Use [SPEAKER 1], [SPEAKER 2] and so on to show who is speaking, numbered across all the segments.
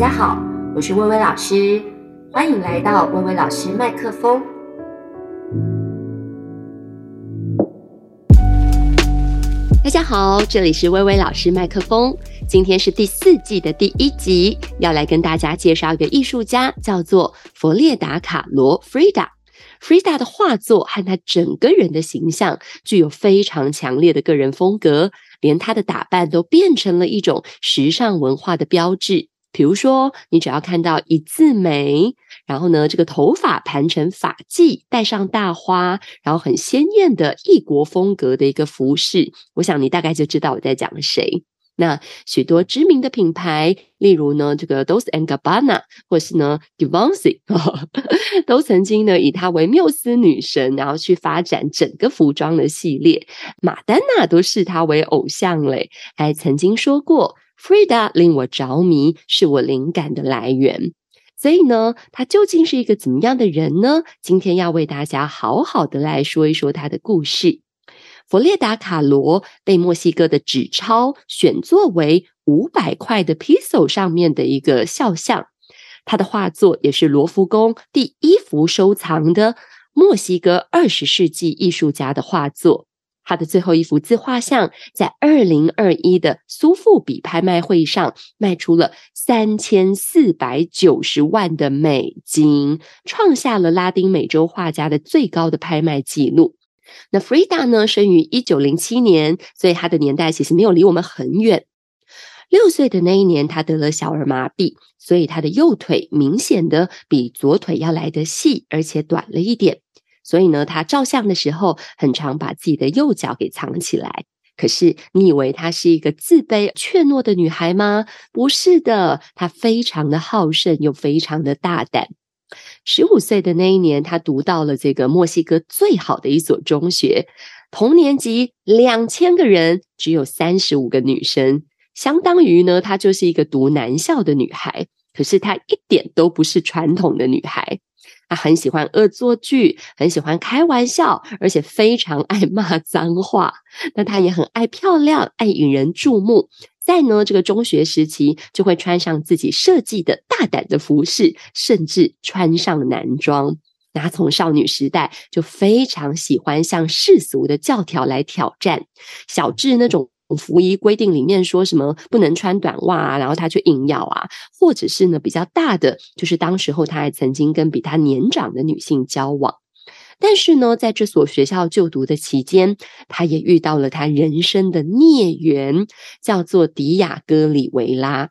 [SPEAKER 1] 大家好，我是薇薇老師，歡迎來到薇薇老師麥克風。大家好，這裡是薇薇老師麥克風。今天是第四季的第一集，要來跟大家介紹一個藝術家，叫做芙烈達·卡蘿 （Frida）。Frida 的畫作和她整個人的形象具有非常強烈的個人風格，連她的打扮都變成了一種時尚文化的標誌。比如說，你只要看到一字眉，然後呢，這個頭髮盤成髮髻，戴上大花，然後很鮮豔的異國風格的一個服飾，我想你大概就知道我在講誰。那許多知名的品牌，例如呢，這個 Dolce & Gabbana 或是呢 Givenchy，都曾經呢以她為繆斯女神，然後去發展整個服裝的系列。瑪丹娜都視她為偶像嘞，還曾經說過。芙烈達令我着迷，是我靈感的來源。所以呢，她究竟是一個怎麼樣的人呢？今天要為大家好好的來說一說她的故事。芙烈達卡蘿被墨西哥的紙鈔選作為五百塊的 peso 上面的一個肖像。他的畫作也是羅浮宮第一幅收藏的墨西哥二十世紀藝術家的畫作。他的最後一幅自畫像在二零二一的蘇富比拍賣會上賣出了三千四百九十萬的美金，創下了拉丁美洲畫家的最高的拍賣紀錄。那芙烈達呢，生於一九零七年，所以他的年代其實沒有離我們很遠。六歲的那一年，他得了小兒麻痹，所以他的右腿明顯的比左腿要來得細，而且短了一點。所以呢，她照相的時候，很常把自己的右腳給藏起來。可是，你以為她是一個自卑怯懦的女孩嗎？不是的，她非常的好勝，又非常的大膽。十五歲的那一年，她讀到了這個墨西哥最好的一所中學，同年級兩千個人，只有三十五個女生，相當於呢，她就是一個讀男校的女孩。可是，她一點都不是傳統的女孩。他很喜歡惡作劇，很喜歡開玩笑，而且非常愛罵髒話。那他也很愛漂亮，愛引人注目。在呢這個中學時期，就會穿上自己設計的大膽的服飾，甚至穿上男裝。那他從少女時代就非常喜歡向世俗的教條來挑戰。小智那種。服儀規定裡面說什麼不能穿短襪啊，然後他去硬要啊，或者是呢比較大的，就是當時候他還曾經跟比他年長的女性交往，但是呢，在這所學校就讀的期間，他也遇到了他人生的孽緣，叫做迪亞哥里維拉。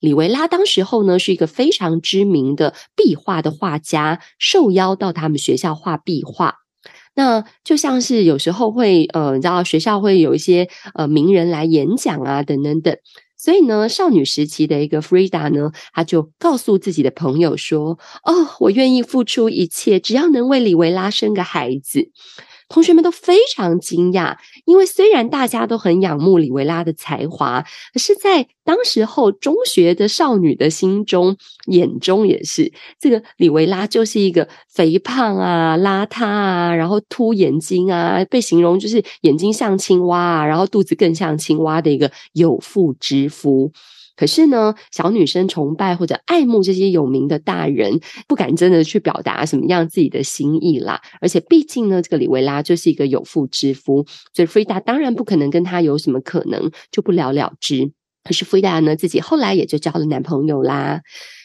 [SPEAKER 1] 里維拉當時候呢是一個非常知名的壁畫的畫家，受邀到他們學校畫壁畫。那就像是有時候會，呃，你知道學校會有一些呃名人來演講啊，等等等。所以呢，少女時期的一個芙烈達呢，她就告訴自己的朋友說：“哦，我願意付出一切，只要能為李維拉生個孩子。”同學們都非常驚訝，因為雖然大家都很仰慕里維拉的才華，可是在當時候中學的少女的心中、眼中也是，這個里維拉就是一個肥胖啊、邋遢啊，然後凸眼睛啊，被形容就是眼睛像青蛙啊，然後肚子更像青蛙的一個有婦之夫。可是呢，小女生崇拜或者愛慕這些有名的大人，不敢真的去表達什麼樣自己的心意啦。而且畢竟呢，這個李維拉就是一個有婦之夫，所以芙烈達當然不可能跟他有什麼可能，就不了了之。可是芙烈達呢，自己後來也就交了男朋友啦。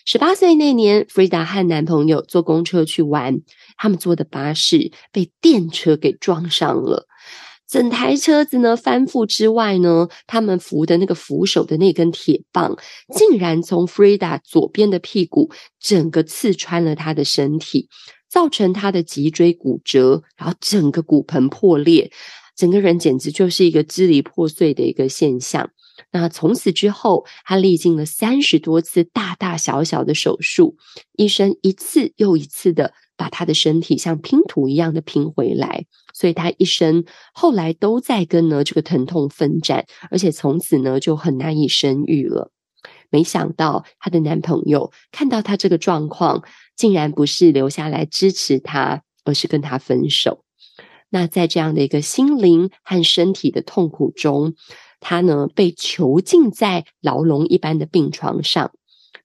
[SPEAKER 1] 十八歲那年，芙烈達和男朋友坐公車去玩，他們坐的巴士被電車給撞上了。整台車子呢，翻覆之外呢，他們扶的那個扶手的那根鐵棒，竟然從 Frida 左邊的屁股整個刺穿了他的身體，造成他的脊椎骨折，然後整個骨盆破裂，整個人簡直就是一個支離破碎的一個現象。那從此之後，他歷經了三十多次大大小小的手術，醫生一次又一次的。把她的身體像拼圖一樣的拼回來，所以她一生後來都在跟呢這個疼痛奮戰，而且從此呢就很難以生育了。沒想到她的男朋友看到她這個狀況，竟然不是留下來支持她，而是跟她分手。那在這樣的一個心靈和身體的痛苦中，她呢被囚禁在牢籠一般的病床上。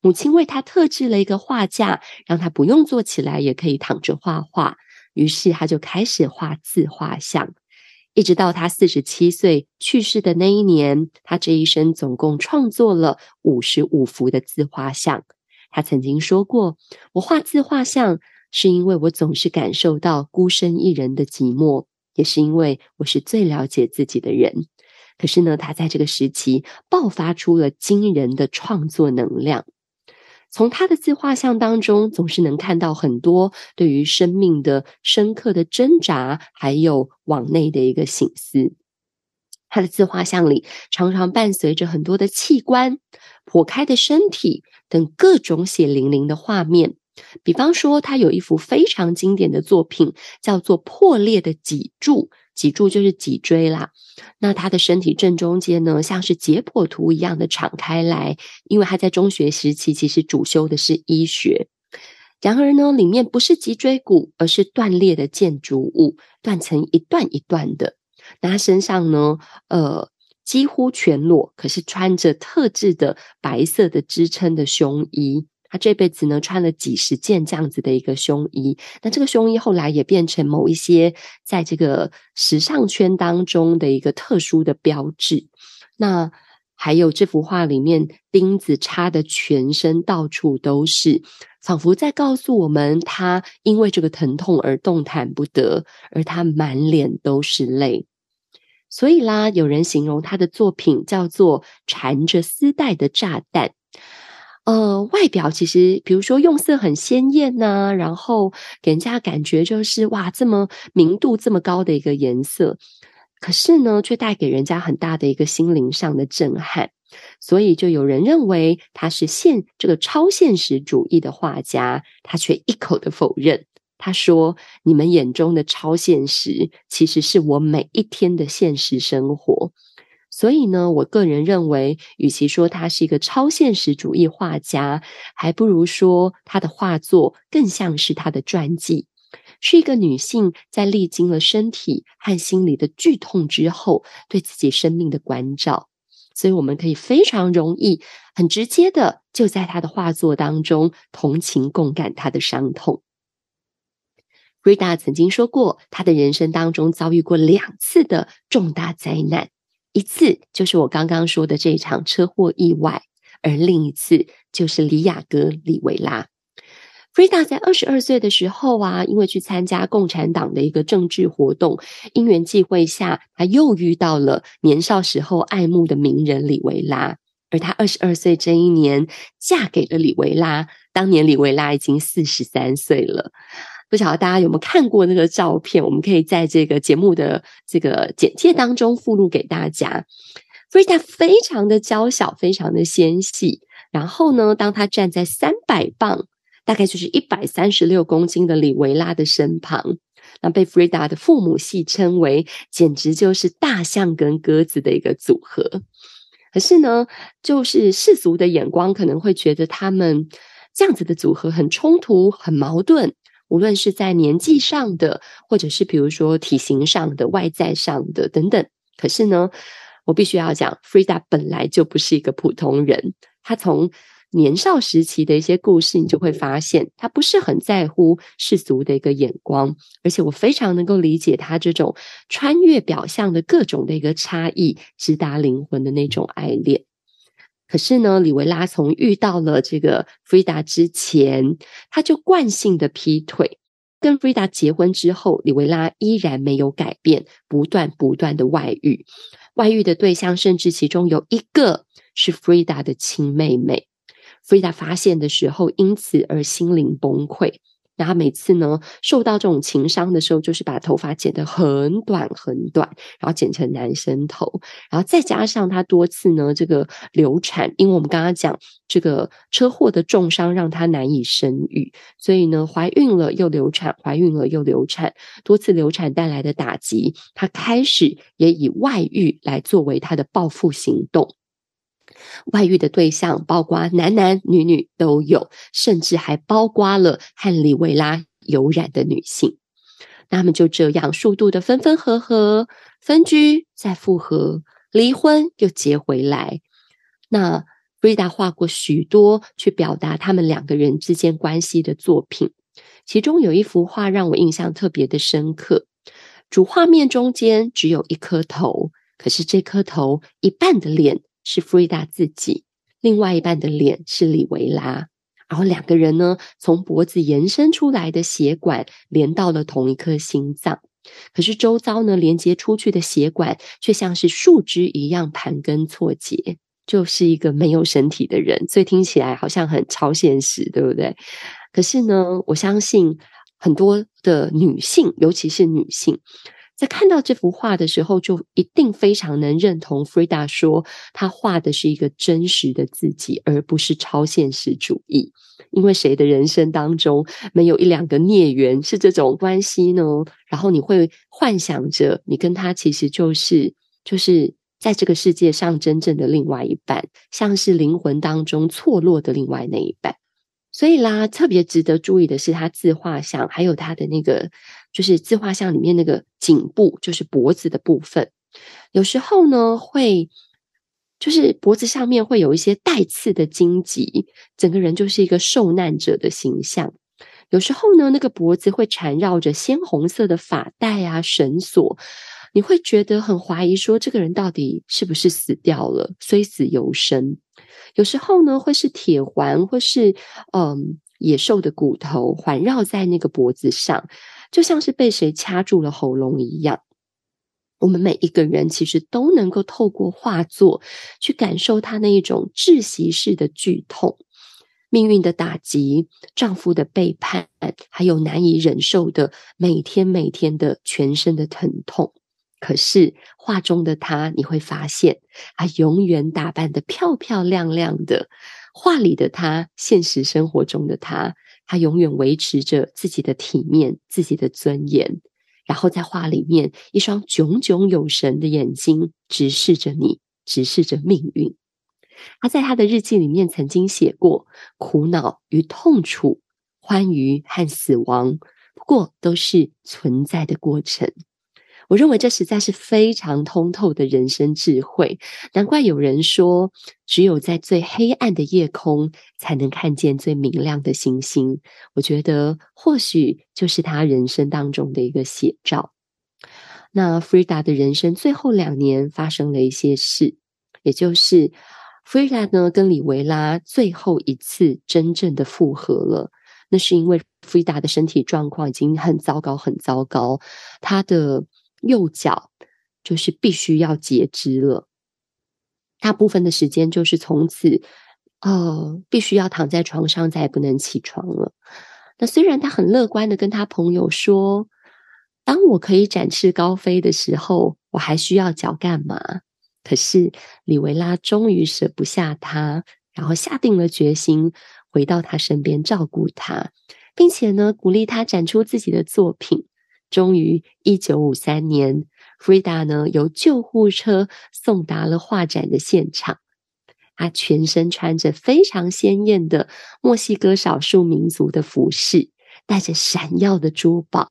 [SPEAKER 1] 母親為她特製了一個畫架，讓她不用坐起來也可以躺着畫畫。於是她就開始畫自畫像，一直到她四十七歲去世的那一年，她這一生總共創作了五十五幅的自畫像。她曾經說過：“我畫自畫像，是因為我總是感受到孤身一人的寂寞，也是因為我是最了解自己的人。”可是呢，她在這個時期爆發出了驚人的創作能量。從他的自畫像當中，總是能看到很多對於生命的深刻的掙扎，還有往內的一個省思。他的自畫像裡常常伴隨着很多的器官、剖開的身體等各種血淋淋的畫面。比方說，他有一幅非常經典的作品，叫做《破裂的脊柱》。脊柱就是脊椎啦，那他的身體正中間呢，像是解剖圖一樣的敞開來，因為他在中學時期其實主修的是醫學。然而呢，裡面不是脊椎骨，而是斷裂的建築物，斷成一段一段的。那他身上呢，呃，幾乎全裸，可是穿着特制的白色的支撐的胸衣。他這輩子呢，穿了幾十件這樣子的一個胸衣。那這個胸衣後來也變成某一些在這個時尚圈當中的一個特殊的標誌。那還有這幅畫裡面釘子插得全身到處都是，仿佛在告訴我們他因為這個疼痛而動彈不得，而他滿臉都是淚。所以啦，有人形容他的作品叫做“纏着絲帶的炸彈”。呃，外表其實，比如說用色很鮮豔吶，啊，然後給人家感覺就是哇，這麼明度這麼高的一個顏色，可是呢，卻帶給人家很大的一個心靈上的震撼。所以，就有人認為他是現這個超現實主義的畫家，他卻一口的否認。他說：“你們眼中的超現實，其實是我每一天的現實生活。”所以呢，我個人認為，與其說她是一個超現實主義畫家，還不如說她的畫作更像是她的傳記，是一個女性在歷經了身體和心理的劇痛之後，對自己生命的關照。所以，我們可以非常容易、很直接的就在她的畫作當中同情共感她的傷痛。芙烈達曾經說過，她的人生當中遭遇過兩次的重大災難。一次就是我剛剛說的這場車禍意外，而另一次就是李雅哥李維拉。弗瑞達在二十二歲的時候啊，因為去參加共產黨的一個政治活動，因緣際會下，她又遇到了年少時候愛慕的名人李維拉。而她二十二歲這一年，嫁給了李維拉。當年李維拉已經四十三歲了。不曉得大家有沒有看過那個照片？我們可以在這個節目的這個簡介當中附錄給大家。芙烈達非常的嬌小，非常的纖細。然後呢，當她站在三百磅，大概就是一百三十六公斤的里維拉的身旁，那被芙烈達的父母戲稱為，簡直就是大象跟鴿子的一個組合。可是呢，就是世俗的眼光可能會覺得他們這樣子的組合很衝突、很矛盾。無論是在年紀上的，或者是比如說體型上的、外在上的等等，可是呢，我必須要講，Frida 本來就不是一個普通人。他從年少時期的一些故事，你就會發現他不是很在乎世俗的一個眼光，而且我非常能夠理解他這種穿越表象的各種的一個差異，直達靈魂的那種愛戀。可是呢，里維拉從遇到了這個芙烈達之前，他就慣性的劈腿。跟芙烈達結婚之後，里維拉依然沒有改變，不斷不斷的外遇。外遇的對象甚至其中有一個是芙烈達的親妹妹。芙烈達發現的時候，因此而心靈崩潰。然後每次呢，受到這種情傷的時候，就是把頭髮剪得很短很短，然後剪成男生頭，然後再加上他多次呢這個流產，因為我們剛剛講這個車禍的重傷讓他難以生育，所以呢懷孕了又流產，懷孕了又流產，多次流產帶來的打擊，他開始也以外遇來作為他的報復行動。外遇的對象包括男男女女都有，甚至還包括了和里維拉有染的女性。那他們就這樣數度的分分合合，分居再復合，離婚又結回來。那芙烈達畫過許多去表達他們兩個人之間關係的作品，其中有一幅畫讓我印象特別的深刻。主畫面中間只有一顆頭，可是這顆頭一半的臉。是芙烈達自己，另外一半的臉是里維拉，然後兩個人呢，從脖子延伸出來的血管連到了同一顆心臟，可是周遭呢，連接出去的血管卻像是樹枝一樣盤根錯節，就是一個沒有身體的人，所以聽起來好像很超現實，對不對？可是呢，我相信很多的女性，尤其是女性。在看到這幅畫的時候，就一定非常能認同 Frida 說，她畫的是一個真實的自己，而不是超現實主義。因為誰的人生當中沒有一兩個孽緣是這種關係呢？然後你會幻想着，你跟他其實就是就是在這個世界上真正的另外一半，像是靈魂當中錯落的另外那一半。所以啦，特別值得注意的是他自畫像，還有他的那個，就是自畫像裡面那個頸部，就是脖子的部分，有時候呢會，就是脖子上面會有一些帶刺的荊棘，整個人就是一個受難者的形象。有時候呢，那個脖子會纏繞着鮮紅色的髮帶啊、繩索。你會覺得很懷疑，說這個人到底是不是死掉了？雖死猶生。有時候呢，會是鐵環，或是嗯、呃、野獸的骨頭環繞在那個脖子上，就像是被誰掐住了喉嚨一樣。我們每一個人其實都能夠透過畫作去感受他那一種窒息式的劇痛、命運的打擊、丈夫的背叛，還有難以忍受的每天每天的全身的疼痛。可是畫中的她，你會發現她永遠打扮得漂漂亮亮的。畫裡的她，現實生活中的她，她永遠維持着自己的體面、自己的尊嚴。然後在畫裡面，一雙炯炯有神的眼睛直視着你，直視着命運。她在她的日記裡面曾經寫過：苦惱與痛楚，歡愉和死亡，不過都是存在的過程。我認為這實在是非常通透的人生智慧，難怪有人說，只有在最黑暗的夜空才能看見最明亮的星星。我覺得或許就是他人生當中的一個寫照。那芙烈達的人生最後兩年發生了一些事，也就是芙烈達呢跟里維拉最後一次真正的復合了。那是因為芙烈達的身體狀況已經很糟糕，很糟糕，他的，右腳就是必須要截肢了，大部分的時間就是從此，呃，必須要躺在床上，再也不能起床了。那雖然他很樂觀的跟他朋友說：“當我可以展翅高飛的時候，我還需要腳幹嘛？”可是里維拉終於捨不下他，然後下定了決心回到他身邊照顧他，並且呢，鼓勵他展出自己的作品。終於，一九五三年，芙烈達呢由救護車送達了畫展的現場。她全身穿着非常鮮豔的墨西哥少數民族的服飾，戴着閃耀的珠寶。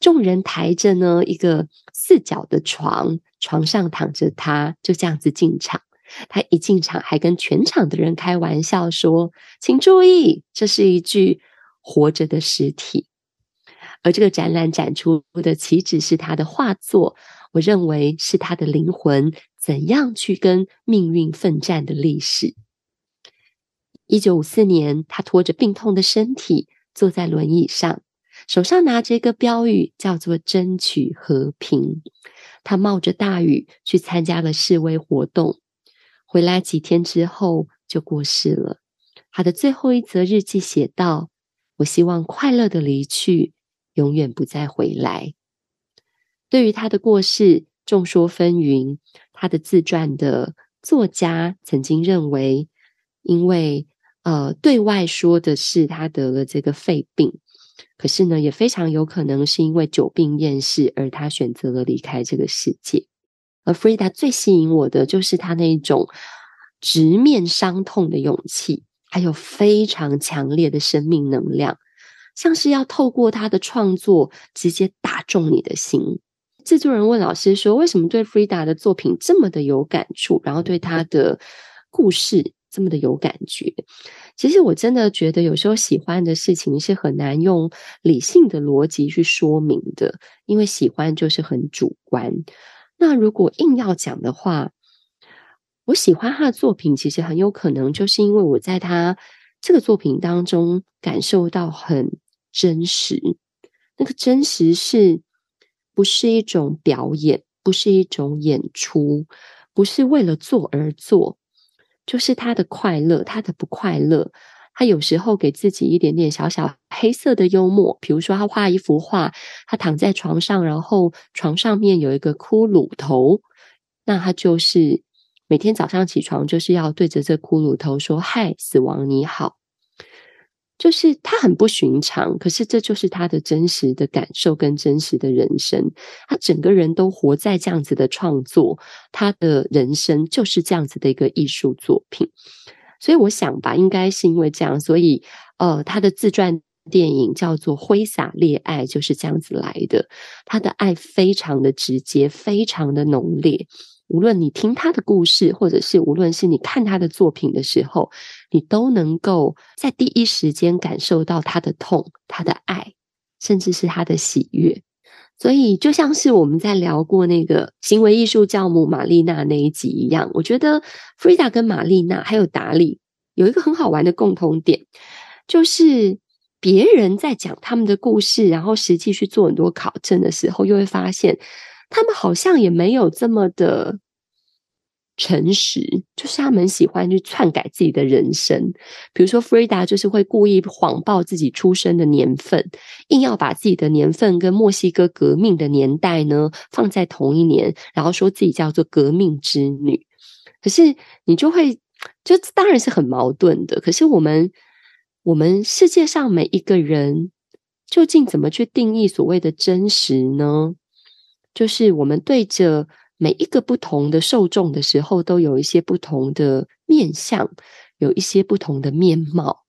[SPEAKER 1] 眾人抬着呢一個四角的床，床上躺着她，就這樣子進場。她一進場，還跟全場的人開玩笑說：“請注意，這是一具活着的屍體。”而這個展覽展出的豈止是他的畫作，我認為是他的靈魂怎樣去跟命運奮戰的歷史。一九五四年，他拖着病痛的身體坐在輪椅上，手上拿着一個標語，叫做“爭取和平”。他冒着大雨去參加了示威活動，回來幾天之後就過世了。他的最後一則日記寫道：“我希望快樂地離去。”永遠不再回來。對於他的過世，眾說紛紜。他的自傳的作家曾經認為，因為呃，對外說的是他得了這個肺病，可是呢，也非常有可能是因為久病厭世而他選擇了離開這個世界。而芙烈達最吸引我的，就是他那一種直面傷痛的勇氣，還有非常強烈的生命能量。像是要透過他的創作直接打中你的心。製作人問老師說：“為什麼對 Frida 的作品這麼的有感觸，然後對他的故事這麼的有感覺？”其實我真的覺得，有時候喜歡的事情是很難用理性的邏輯去說明的，因為喜歡就是很主觀。那如果硬要講的話，我喜歡他的作品，其實很有可能就是因為我在他這個作品當中感受到很真實，那個真實是不是一種表演？不是一種演出，不是為了做而做，就是他的快樂，他的不快樂。他有時候給自己一點點小小黑色的幽默，比如說他畫一幅畫，他躺在床上，然後床上面有一個骷髏頭，那他就是每天早上起床就是要對着這骷髏頭說：“嗨，死亡你好。”就是他很不尋常，可是這就是他的真實的感受跟真實的人生。他整個人都活在這樣子的創作，他的人生就是這樣子的一個藝術作品。所以我想吧，應該是因為這樣，所以呃，他的自傳電影叫做《揮灑烈愛》，就是這樣子來的。他的愛非常的直接，非常的濃烈。無論你聽他的故事，或者是無論是你看他的作品的時候，你都能夠在第一時間感受到他的痛、他的愛，甚至是他的喜悅。所以，就像是我們在聊過那個行為藝術教母瑪麗娜那一集一樣，我覺得芙烈達、跟瑪麗娜還有達利有一個很好玩的共同點，就是別人在講他們的故事，然後實際去做很多考證的時候，又會發現。他們好像也沒有這麼的誠實，就是他們喜歡去篡改自己的人生。比如說，芙烈達就是會故意謊報自己出生的年份，硬要把自己的年份跟墨西哥革命的年代呢放在同一年，然後說自己叫做革命之女。可是你就會就當然是很矛盾的。可是我們我們世界上每一個人究竟怎麼去定義所謂的真實呢？就是我們對着每一個不同的受眾的時候，都有一些不同的面相，有一些不同的面貌。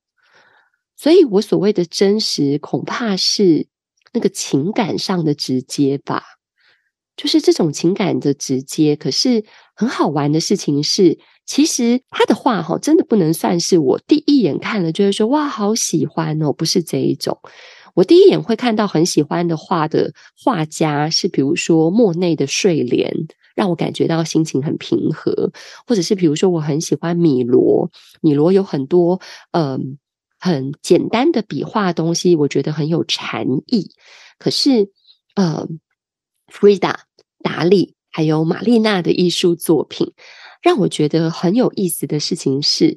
[SPEAKER 1] 所以我所謂的真實，恐怕是那個情感上的直接吧。就是這種情感的直接。可是很好玩的事情是，其實她的畫哈，真的不能算是我第一眼看了就是說哇，好喜歡哦，不是這一種。我第一眼會看到很喜歡的畫的畫家是，比如說莫內的睡蓮，讓我感覺到心情很平和；或者是比如說我很喜歡米羅，米羅有很多嗯、呃、很簡單的筆畫東西，我覺得很有禪意。可是，呃，芙烈達、達利還有瑪麗娜的藝術作品，讓我覺得很有意思的事情是，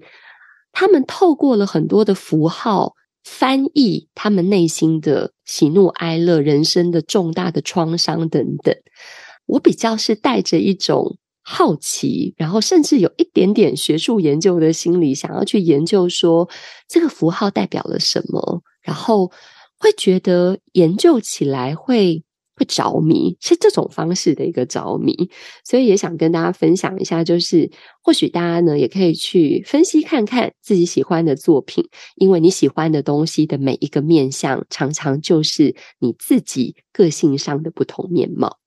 [SPEAKER 1] 他們透過了很多的符號。翻譯他們內心的喜怒哀樂、人生的重大的創傷等等，我比較是帶着一種好奇，然後甚至有一點點學術研究的心理，想要去研究說這個符號代表了什麼，然後會覺得研究起來會。會着迷是這種方式的一個着迷，所以也想跟大家分享一下，就是或許大家呢也可以去分析看看自己喜歡的作品，因為你喜歡的東西的每一個面向，常常就是你自己個性上的不同面貌。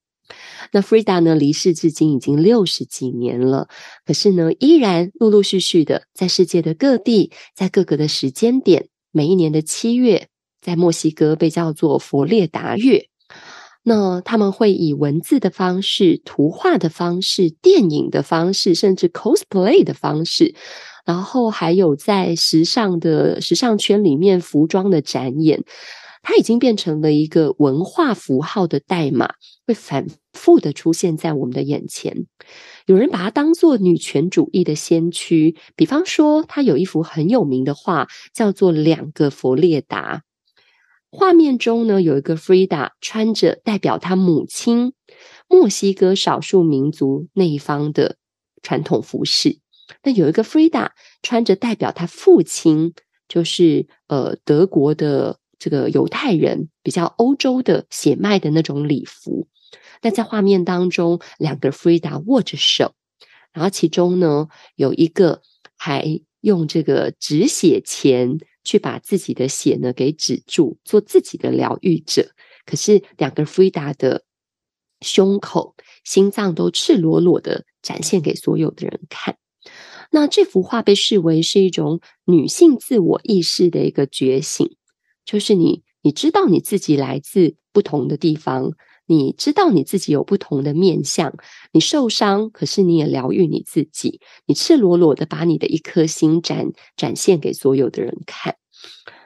[SPEAKER 1] 那芙烈達呢離世至今已經六十幾年了，可是呢依然陸陸續續的在世界的各地，在各個的時間點，每一年的七月，在墨西哥被叫做芙烈達月。那他們會以文字的方式、圖畫的方式、電影的方式，甚至 cosplay 的方式，然後還有在時尚的時尚圈裡面服裝的展演，它已經變成了一個文化符號的代碼，會反復的出現在我們的眼前。有人把它當做女權主義的先驅，比方說，他有一幅很有名的畫，叫做《兩個芙烈達》。畫面中呢，有一個 Frida 穿着代表他母親墨西哥少數民族那一方的傳統服飾；那有一個 Frida 穿着代表他父親，就是呃德國的這個猶太人，比較歐洲的血脈的那種禮服。那在畫面當中，兩個 Frida 握着手，然後其中呢有一個還用這個止血鉗。去把自己的血呢給止住，做自己的療癒者。可是兩個芙烈達的胸口、心臟都赤裸裸的展現給所有的人看。那這幅畫被視為是一種女性自我意識的一個覺醒，就是你你知道你自己來自不同的地方。你知道你自己有不同的面相，你受傷，可是你也療癒你自己，你赤裸裸的把你的一顆心展展現給所有的人看。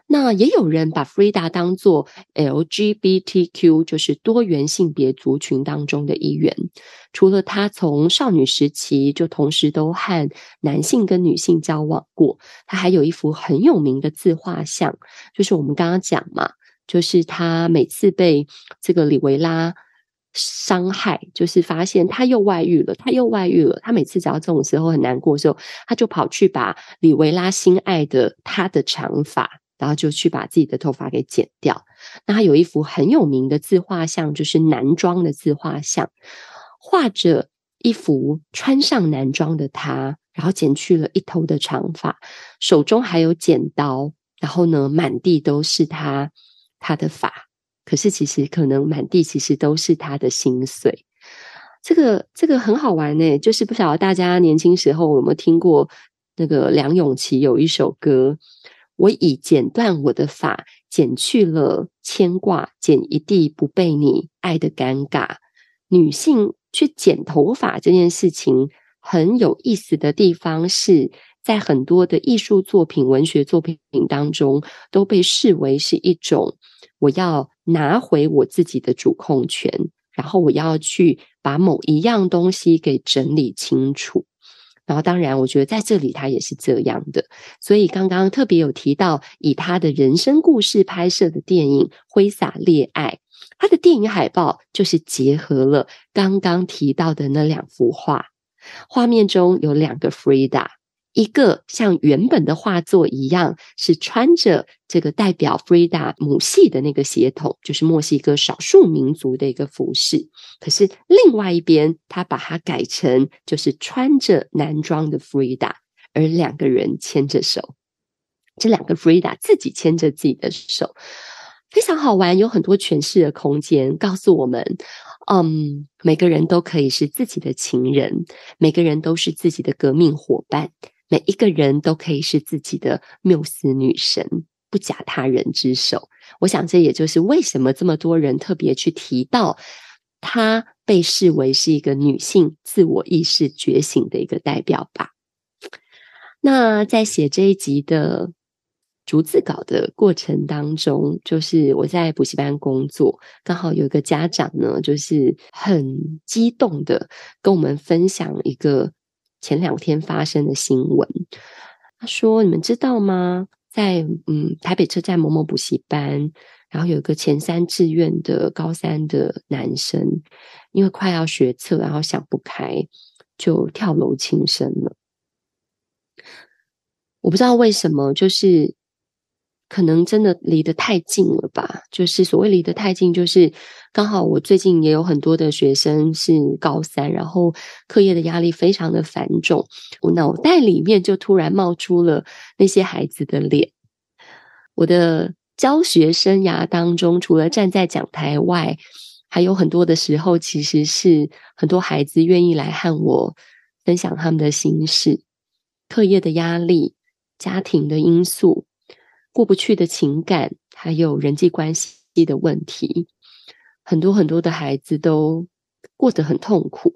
[SPEAKER 1] 那也有人把 Frida 當做 LGBTQ，就是多元性別族群當中的一員。除了她從少女時期就同時都和男性跟女性交往過，她還有一幅很有名的自畫像，就是我們剛剛講嘛。就是他每次被這個里維拉傷害，就是發現他又外遇了，他又外遇了。他每次只要這種時候很難過的時候，他就跑去把里維拉心愛的他的長髮，然後就去把自己的頭髮給剪掉。那他有一幅很有名的自畫像，就是男裝的自畫像，畫着一幅穿上男裝的他，然後剪去了一頭的長髮，手中還有剪刀，然後呢，滿地都是他。他的髮，可是其實可能滿地其實都是他的心碎。這個這個很好玩呢、欸，就是不曉得大家年輕時候有沒有聽過那個梁詠琪有一首歌，我已剪斷我的髮，剪去了牽掛，剪一地不被你愛的尷尬。女性去剪頭髮這件事情，很有意思的地方是在很多的藝術作品、文學作品當中都被視為是一種，我要拿回我自己的主控權，然後我要去把某一樣東西給整理清楚。然後，當然，我覺得在這裡他也是這樣的。所以，剛剛特別有提到以他的人生故事拍攝的電影《揮灑烈愛》，他的電影海報就是結合了剛剛提到的那兩幅畫。畫面中有兩個 Frida，一個像原本的畫作一樣是穿着這個代表 Frida 母系的那個血統，就是墨西哥少數民族的一個服飾。可是另外一邊，他把它改成就是穿着男裝的 Frida，而兩個人牽着手，這兩個 Frida 自己牽着自己的手，非常好玩，有很多詮釋的空間，告訴我們。嗯，um, 每個人都可以是自己的情人，每個人都是自己的革命夥伴，每一個人都可以是自己的繆斯女神，不假他人之手。我想，這也就是為什麼這麼多人特別去提到她，被視為是一個女性自我意識覺醒的一個代表吧。那在寫這一集的。逐字稿的過程當中，就是我在補習班工作，剛好有一個家長呢，就是很激動的跟我們分享一個前兩天發生的新聞。他說：“你們知道嗎？在嗯台北車站某某補習班，然後有一個前三志願的高三的男生，因為快要學測，然後想不開，就跳樓輕生了。我不知道為什麼，就是。”可能真的離得太近了吧？就是所謂離得太近，就是剛好我最近也有很多的學生是高三，然後課業的壓力非常的繁重，我腦袋裡面就突然冒出了那些孩子的臉。我的教學生涯當中，除了站在講台外，還有很多的時候，其實是很多孩子願意來和我分享他們的心事、課業的壓力、家庭的因素。過不去的情感，還有人際關係的問題，很多很多的孩子都過得很痛苦。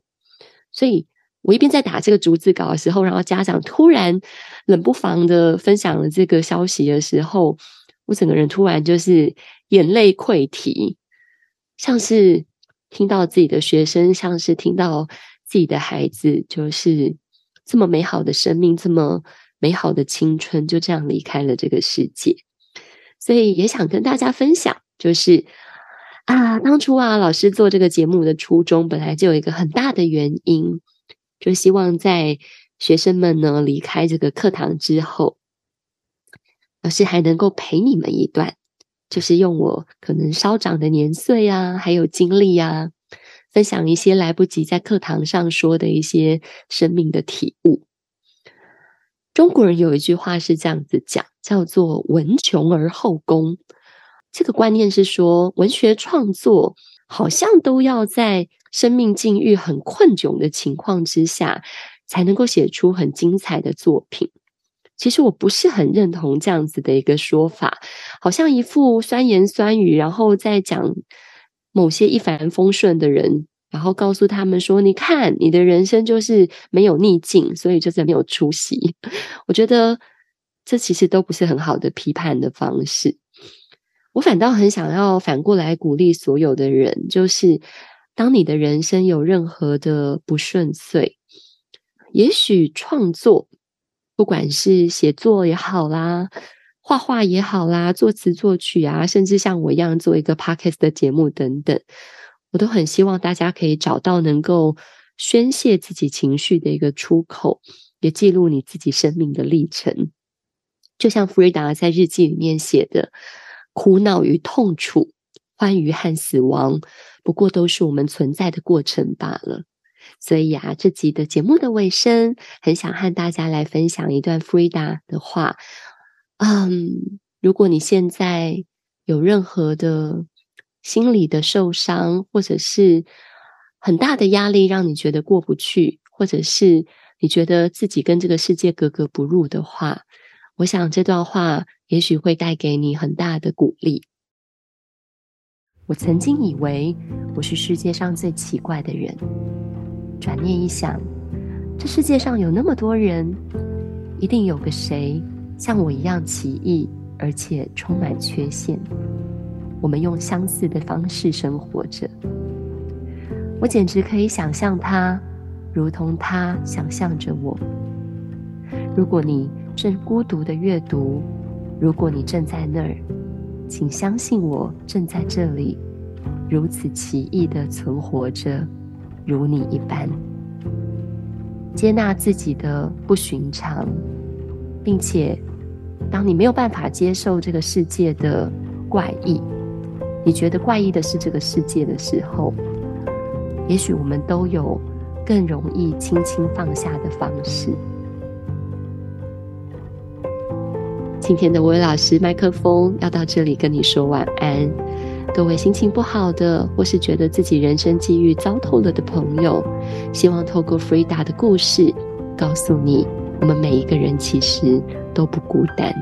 [SPEAKER 1] 所以我一邊在打這個逐字稿的時候，然後家長突然冷不防的分享了這個消息的時候，我整個人突然就是眼淚潰堤，像是聽到自己的學生，像是聽到自己的孩子，就是這麼美好的生命，這麼。美好的青春就這樣離開了這個世界，所以也想跟大家分享，就是啊，當初啊，老師做這個節目的初衷本來就有一個很大的原因，就希望在學生們呢離開這個課堂之後，老師還能夠陪你們一段，就是用我可能稍長的年歲啊，還有經歷啊，分享一些來不及在課堂上說的一些生命的體悟。中國人有一句話是這樣子講，叫做“文窮而後工”。這個觀念是說，文學創作好像都要在生命境遇很困窘的情況之下，才能夠寫出很精彩的作品。其實我不是很認同這樣子的一個說法，好像一副酸言酸語，然後在講某些一帆風順的人。然後告訴他們說：“你看，你的人生就是沒有逆境，所以就是沒有出息。”我覺得這其實都不是很好的批判的方式。我反倒很想要反過來鼓勵所有的人，就是當你的人生有任何的不順遂，也許創作，不管是寫作也好啦，畫畫也好啦，作詞作曲啊，甚至像我一樣做一個 podcast 的節目等等。我都很希望大家可以找到能夠宣洩自己情緒的一個出口，也記錄你自己生命的歷程。就像芙烈達在日記裡面寫的：“苦惱與痛楚，歡愉和死亡，不過都是我們存在的過程罷了。”所以啊，這集的節目的尾聲，很想和大家來分享一段芙烈達的話。嗯，如果你現在有任何的，心理的受傷，或者是很大的壓力，讓你覺得過不去，或者是你覺得自己跟這個世界格格不入的話，我想這段話也許會帶給你很大的鼓勵。我曾經以為我是世界上最奇怪的人，轉念一想，這世界上有那麼多人，一定有個誰像我一樣奇異，而且充滿缺陷。我們用相似的方式生活着。我簡直可以想象他，如同他想象着我。如果你正孤獨地閱讀，如果你正在那兒，請相信我正在這裡，如此奇異地存活着，如你一般，接納自己的不尋常，並且，當你沒有辦法接受這個世界的怪異。你覺得怪異的是這個世界的時候，也許我們都有更容易輕輕放下的方式。今天的吳偉老師麥克風要到這裡跟你說晚安。各位心情不好的，或是覺得自己人生際遇糟透了的朋友，希望透過芙烈達的故事，告訴你，我們每一個人其實都不孤單。